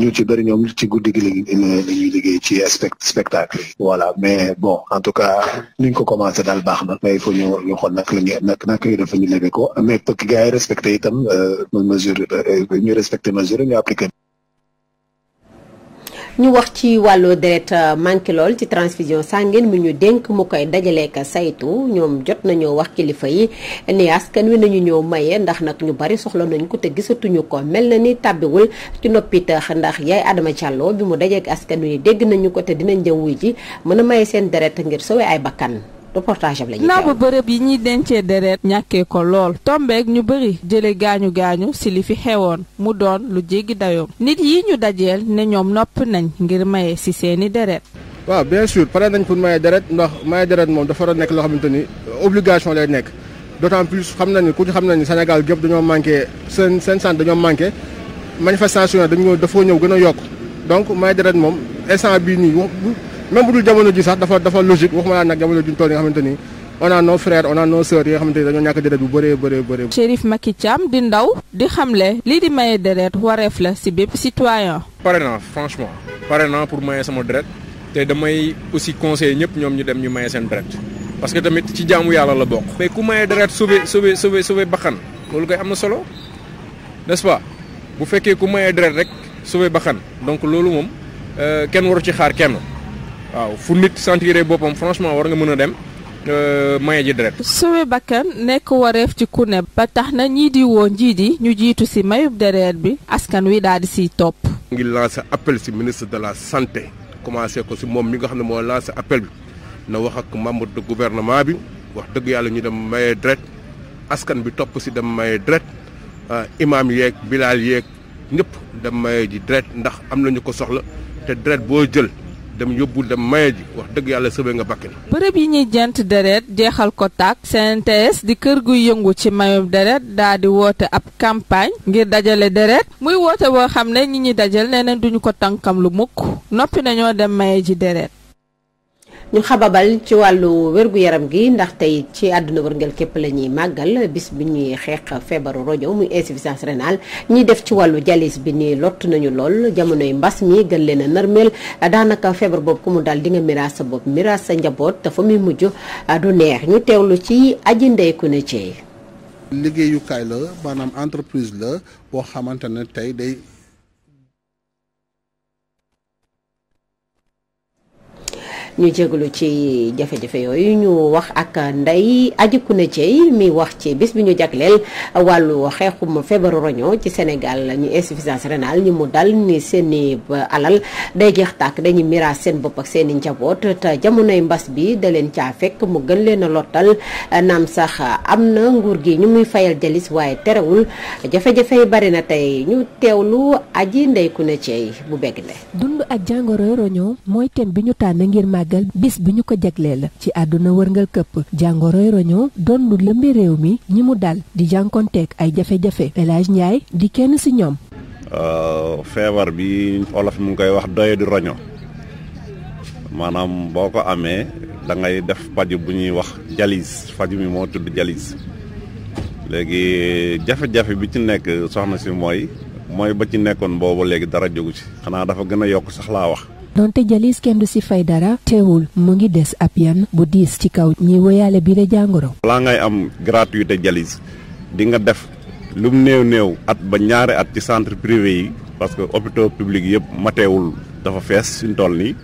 ñu ci bëri ñoom ci guddi gi la ñuy liggéey ci spec spectacle yi mais bon en tout cas ni ñu ko commencé daal baax na mais il faut ñu ñu xool nag la ñu nag nag ñu dafa ñu lebe ko mais pour que gars yi respecté itam euh, mesure euh, ñu respecté mesure ñu appliqué ñu wax ci wàllu deret euh, manqué lool ci transfusion sanguine mu ñu dénk mu koy dajalee dajaleeka saytu ñoom jot nañoo wax kilifa yi ni askan wi nañu ñëw maye ndax nag ñu bari soxla nañ ko te gisatuñu ko mel na ni tàbbiwul ci noppi tax ndax yaay Adama Diallo bi mu dajee askan wi dégg nañu ko te dinañ jëm wuy ji mën a maye seen deret ngir sowe ay bakkan reportage am la ñuy teew bu bërëb yi ñuy dencee deret ñàkkee ko lool tombeek ñu bëri jële gaañu gaañu si li fi xewoon mu doon lu jéggi dayoom nit yi ñu dajeel ne ñoom nopp nañ ngir maye si seeni deret waaw bien sûr pare nañ pour maye deret ndax maye deret moom dafa war a nekk loo xamante ni obligation lay nekk d'autant plus xam nañu ku ci xam nañu Sénégal gépp dañoo manqué seen seen sant dañoo manqué manifestation dañoo dafa ñëw gën a yokk donc maye deret moom instant bii nii même bu dul jamono ji sax dafa dafa logique waxuma laa nag jamono juñ toll yi nga xamante ni on a nos frères on a nos sœurs yi nga xamante ni dañoo ñàkk deret bu bëree bëree bëree Chérif Macky Thiam di ndaw di xamle lii di maye deret wareef la si bépp citoyen pare naa franchement pare naa pour maye sama deret te damay aussi conseiller ñëpp ñoom ñu dem ñu maye seen deret parce que tamit ci jaamu yàlla la bokk mais ku maye deret sauver sauver sauver sauver bakkan loolu koy am na solo n'est-ce pas bu fekkee ku maye deret rek sauver bakkan donc loolu moom euh, kenn waru ci xaar kenn waaw fu nit sentir boppam franchement war nga mën a dem. Euh, maye ji deret. suwe bakkan nekk wareef ci ku ne ba tax na ñii di woo njiit yi ñu jiitu si mayub deret bi askan wi daal di siy topp. ngi lancé appel si ministre de la santé commencé ko si moom mi nga xam ne moo lancé appel bi na wax ak membre de gouvernement bi wax dëgg yàlla ñu dem maye deret askan bi topp si dem maye deret euh, imam yeeg bilaal yeeg ñëpp dem maye ji deret ndax am na ñu ko soxla te deret boo jël. dem yóbbul dem wax dëgg yàlla sëbe nga bakkan bërëb yi ñuy jent deret jeexal ko tàkk CNTS di kër guy yëngu ci mayum deret daa di woote ab campagne ngir dajale deret muy woote woo xam ne ñi ñuy dajal nee duñu ko tànkam lu mukk noppi nañoo dem maye ji deret ñu xababal ci wàllu wér yaram gi ndax tey ci àdduna wërngel képp la ñuy màggal bis bi ñuy xeex feebaru rojo muy insuffisance rénale ñuy def ci wàllu jalis bi ni lott nañu lool jamonoy mbas mi gën na a nërmeel daanaka feebar boobu ku mu daal di nga miraas sa bopp miraas sa njaboot dafa muy mujj ah, du neex ñu teewlu ci aji ndey ci liggéeyukaay maanaam entreprise la boo xamante ne tey day ñu jégalu ci jafe-jafe yooyu ñu wax ak ndey Aji Koune Dieye mi wax ci bis bi ñu jagleel wàllu xeexum feebaru roño ci Sénégal ñu insuffisance rénale ñu mu dal ni seeni alal day geex tàkk dañuy miraas seen bopp ak seeni njaboot te jamonoy mbas bi da leen caa fekk mu gën leen lottal naam sax am na nguur gi ñu muy fayal jalis waaye terewul jafe-jafe yi bari na tey ñu teewlu Aji Ndeye Koune Dieye bu begg ne màggal bis bi ñu ko jagleel ci àdduna wërngal këpp jàngoroy roño doon lu lëmbi réew mi ñi mu dal di jànkonteeg ay jafe-jafe El Hadj Ndiaye di kenn si ñoom. Euh, feebar bi olof mu ngi koy wax doye di roño maanaam boo ko amee da ngay def paju bu ñuy wax jalis faju mi moo tudd jalis léegi jafe-jafe bi ci nekk soxna si mooy mooy ba ci nekkoon boobu léegi dara jógu ci xanaa dafa gën a yokk sax laa wax. donte jalis kenn du si fay dara teewul mu ngi des ab yan bu diis ci kaw ñi woyaale bi la jàngoro. balaa ngay am gratuité jalis di nga def lum néew néew at ba ñaari at ci centre privé yi parce que hôpitaux publics yëpp mateewul dafa fees suñ toll nii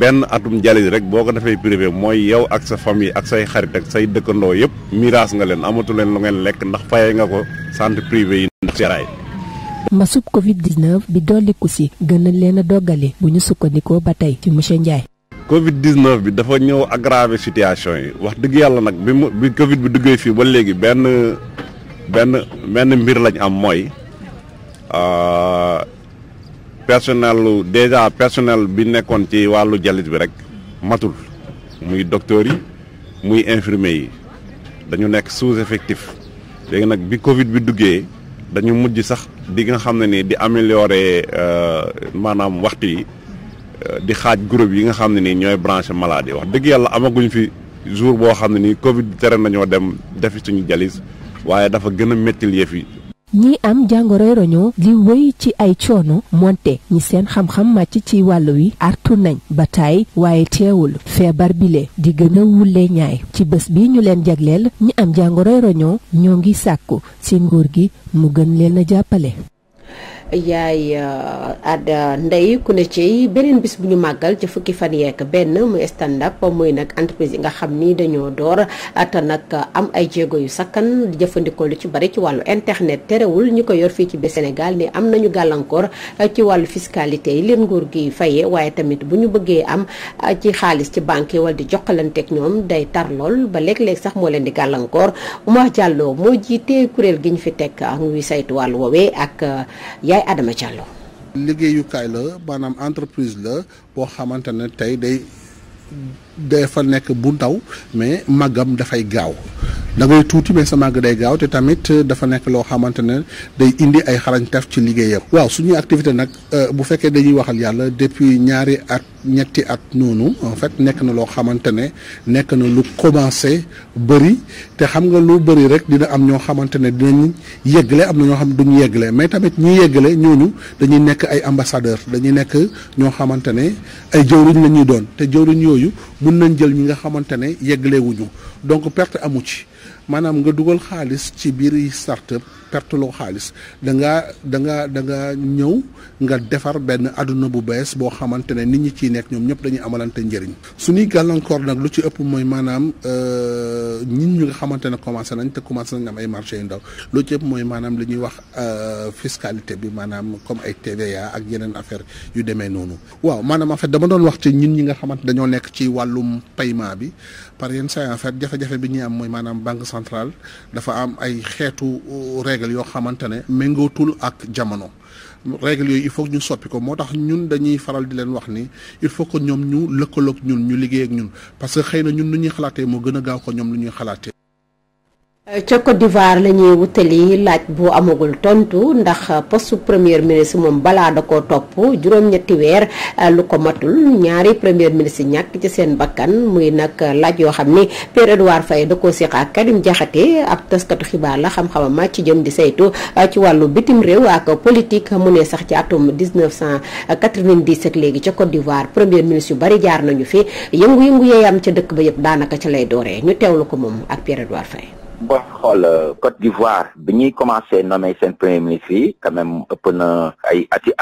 benn atum jalis rek boo ko defee privé mooy yow ak sa famille ak say xarit ak say dëkkandoo yëpp. miraas nga leen amatu leen lu ngeen lekk ndax fayee nga ko centre privé yi ndax seeraay mbasub Covid 19 bi dolliku si gën a leen doggale bu ñu sukkandikoo ba tey ci monsieur Ndiaye. Covid 19 bi dafa ñëw aggraver situation yi wax dëgg yàlla nag bi mu bi Covid bi duggee fii ba léegi benn benn benn mbir lañu am mooy. Euh, personnel déjà personnel bi nekkoon ci wàllu jalit bi rek matul muy docteurs yi muy infirmiers yi dañu nekk sous effectif léegi nag bi Covid bi duggee dañu mujj sax di nga xam ne ni di améliorer euh, maanaam waxtu yi euh, di xaaj groupe yi nga xam ne nii ñooy branché maladie wax dëgg yàlla amaguñu fi jour boo xam ne nii Covid tere nañoo dem defi suñu jalis waaye dafa gën a métti yëf yi ñi am jàngoroy roño di wéy ci ay coono monte ñi seen xam-xam màcc ci wàll wi artu nañ ba tàyyi waaye teewul feebar bile di gën a wulle ñaay ci bés bi ñu leen jagleel ñi am jàngoroy roño ñoo ngi sàkku ci nguur gi mu gën leen a jàppale yaay euh, Adda Ndeye ku ne ci beneen bis bu ñu màggal ci fukki fan yeek benn mu stand up muy nag entreprise yi nga xam ni dañoo door te nag am ay jéego yu sakkan di jëfandikoo lu ci bari ci wàllu internet terewul ñi ko yor fii ci biir Sénégal ni am nañu gàllankoor euh, ci wàllu fiscalité yi leen nguur gi fayee waaye tamit bu ñu bëggee am euh, ci xaalis ci banque yi wala di jokkalanteeg ñoom day tar lool ba léeg-léeg sax moo leen di gàllankoor Oumar Diallo moo jiite kuréel gi ñu fi teg nguy saytu wàllu woowee ak Abdoulaye Adama Diallo. liggéeyukaay la maanaam entreprise la boo xamante ne tey day. dafa nekk bu ndaw mais màggam dafay gaaw da tuuti mais sa màgg day gaaw te tamit dafa nekk loo xamante ne day indi ay xarañtaf ci liggéeyam. waaw suñuy activité nag euh, bu fekkee dañuy waxal yàlla depuis ñaari at ñetti at noonu en fait nekk na loo xamante ne nekk na lu commencé bëri te xam nga lu bëri rek dina am ñoo xamante ne dinañ yëgle am na ñoo xam duñ yëgle mais tamit ñi yëgle ñooñu dañuy nekk ay ambassadeur dañuy nekk ñoo xamante ne ay jëwriñ la ñuy doon te jëwriñ yooyu. mun nañ jël ñi nga xamante ne yeggaleewuñu donc perte amu ci maanaam nga dugal xaalis ci biir startup perte loo xaalis da ngaa danga da ngaa ñëw nga defar benn àdduna bu bees boo xamante ne nit ñi ciy nekk ñoom ñëpp dañuy amalante njëriñ suñuy gàllankoor nag lu ci ëpp mooy maanaam euh, ñun ñu nga xamante ne commencé nañ te commencé nañ am marché yu ndaw lu ci ëpp mooy maanaam li ñuy wax euh, fiscalité bi maanaam comme ay TVA ak yeneen affaire yu demee noonu waaw maanaam en dama doon wax ci ñun ñi nga xamante dañoo nekk ci wàllum paiement bi par yenn saa en fait jafe-jafe bi ñuy am mooy maanaam banque centrale dafa am ay xeetu euh, règle yoo xamante ne méngootul ak jamono règle yooyu il faut ñu soppi ko moo tax ñun dañuy faral di leen wax ni il faut que ñoom ñu lëkkaloog ñun ñu liggéey ak ñun parce que xëy na ñun nu ñuy xalaatee moo gën a gaaw ko ñoom lu ñuy xalaatee. ca Côte d'Ivoire la ñuy wutali laaj bu amagul tontu ndax post première ministre moom balaa da koo topp juróom-ñetti weer lu ko matul ñaari premier ministre ñàkk ci seen bakkan muy nag laaj yoo xam ni Pierre Edouard Faye da koo séq ak Karim Diakhaté ab taskatu xibaar la xam-xamam màcc ci jëm di saytu uh, ci wàllu bitim réew ak politique mu ne sax ci atum 1997 léegi ca Côte d'Ivoire premier ministre yu bari jaar nañu fi yëngu-yëngu yee am ca dëkk ba yëpp daanaka ca lay dooree ñu teewlu ko moom ak Pierre Edouard boo xool euh, Côte d'Ivoire bi ñuy commencé nommé seen premier ministre yi quand même ëpp na ay ati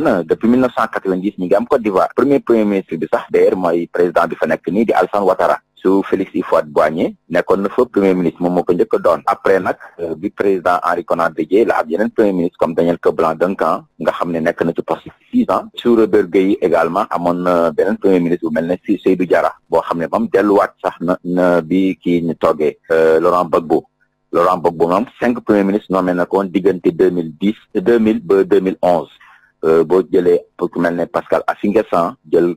na depuis mille neuf cent quatre-vingt-dix ñu ngi am premier premier ministre bi sax d'ailleurs président bi fa nekk nii di Alassane Ouattara su Félix Houphouët-Boigny nekkoon na fa premier ministre moom moo ko njëkk doon après nag euh, bi président Henri Konan Bédié la am yeneen premier ministre comme Daniel Koumba Duncan nga xam ne nekk na ci poste six ans sous Robert Guèye également amoon na beneen premier ministre bu mel ne si Seydou jara boo xam ne moom delluwaat sax na na bi kii ñu toogee euh, Laurent Gbagbo Laurent Gbagbo moom cinq premier ministre nommé na ko woon diggante deux mille dix deux mille ba deux onze euh, boo jëlee pour ku mel ne Pascal Affi N'Guessan jël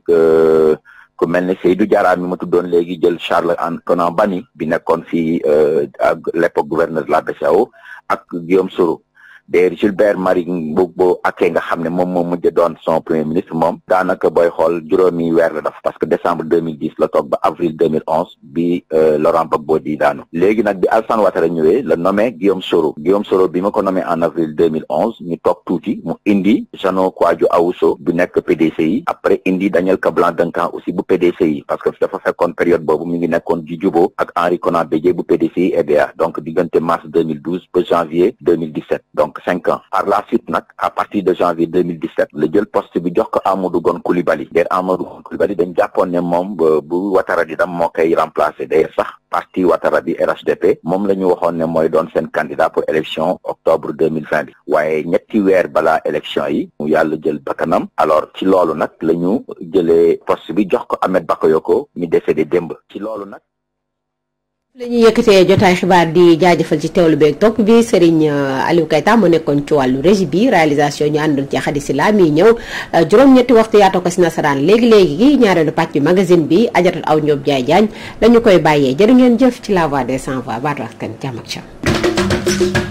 ku mel ni du Diarra mi ma tuddoon léegi jël Charles Konan Banny bi nekkoon fii à euh, l'époque gouverneur de la BCEAO ak Guillaume Soro de Gilbert Marie Gbagbo Acké nga xam ne moom moo mujj doon son premier ministre moom daanaka booy xool juróomi weer la def parce que décembre 2010 la toog ba avril 2011 bi euh, Laurent Gbagbo di daanu léegi nag bi Alassane Ouattara ñëwee la nommé Guillaume Soro Guillaume Soro bi ma ko nommé en avril 2011 ñu toog tuuti mu indi Jeannot Kouadio Aousso bu nekk PDCI après indi Daniel Kablan Duncan aussi bu PDCI parce que dafa fekkoon période boobu mu ngi nekkoon di jubóo ak Henri Konan Bédié donc cinq ans par la suite nag à partir de janvier 2017 la jël post bi jox ko Amadou Gon Coulibaly d'ailleurs Amadou Gon Coulibaly dañ jàppoon ne moom bu Ouattara di dam moo koy remplacer d'ailleurs sax parti Ouattara bi RHDP moom la ñu waxoon ne mooy doon seen candidat pour élection octobre 2020 bi waaye ñetti weer balaa élection yi mu yàlla jël bakkanam alors ci loolu nag la ñu jëlee poste bi jox ko Ahmed Bakayoko mi décédé démb ci loolu nag la ñuy yëkkatee jotaay xibaar di jaajëfal ci teewlu beeg topp bi Serigne euh, Aliou Keita mu nekkoon ci wàllu régi bi réalisation ñu àndoon ci xadisi laa mi ñëw euh, juróom-ñetti waxtu yaatoo ko si nasaraan léegi-léegi gi ñaareelu pàcc bi magasin bi ajatal aw ñoom jaay jaañ la koy bàyyee jërë ngeen jëf ci la voix des sans voix baatu askan jàmm ak